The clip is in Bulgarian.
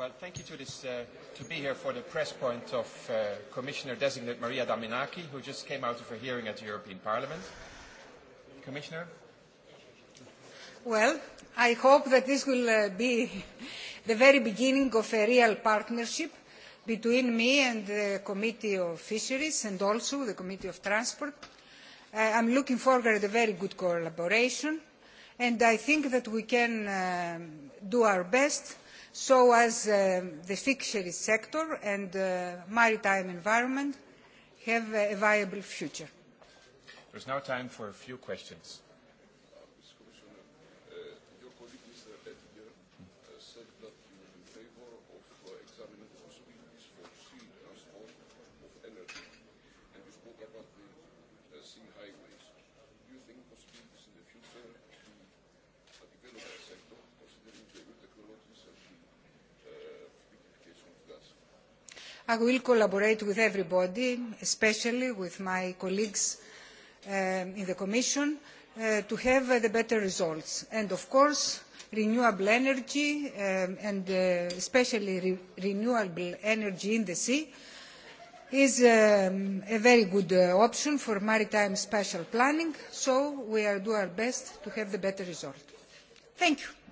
Well, thank you to, this, uh, to be here for the press point of uh, Commissioner-designate Maria Daminaki, who just came out of a hearing at the European Parliament. Commissioner? Well, I hope that this will uh, be the very beginning of a real partnership between me and the Committee of Fisheries and also the Committee of Transport. Uh, I'm looking forward to a very good collaboration and I think that we can uh, do our best so as the fisheries sector and the maritime environment have a viable future. is now time for a few questions. I will collaborate with everybody, especially with my colleagues in the Commission, to have the better results. And of course, renewable energy, and especially renewable energy in the sea, is a very good option for maritime spatial planning, so we are do our best to have the better result. Thank you.